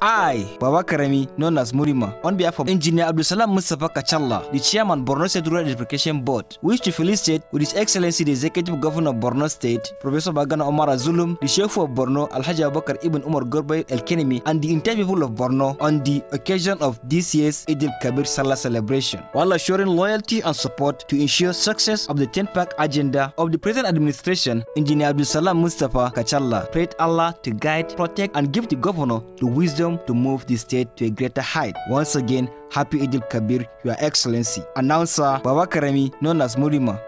I, Baba Karami, known as Murima, on behalf of Engineer Abdusalam Mustafa Kachalla, the Chairman Borno State Rural Education Board, wish to felicitate with His Excellency the Executive Governor of Borno State, Professor Bagana Omar Azulum, the Chef of Borno, Alhaji Abakar Ibn Umar Gorbay El Kenemi, and the entire people of Borno on the occasion of this year's Idil Kabir Salah celebration, while assuring loyalty and support to ensure success of the 10-pack agenda of the present administration, Engineer Abdusalam Mustafa Kachalla prayed Allah to guide, protect, and give the governor the wisdom freedom to move the state to a greater height. Once again, happy Idil Kabir, Your Excellency. Announcer Baba Karami, known as Murima,